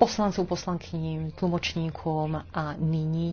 poslancům, poslankyním, tlumočníkům a nyní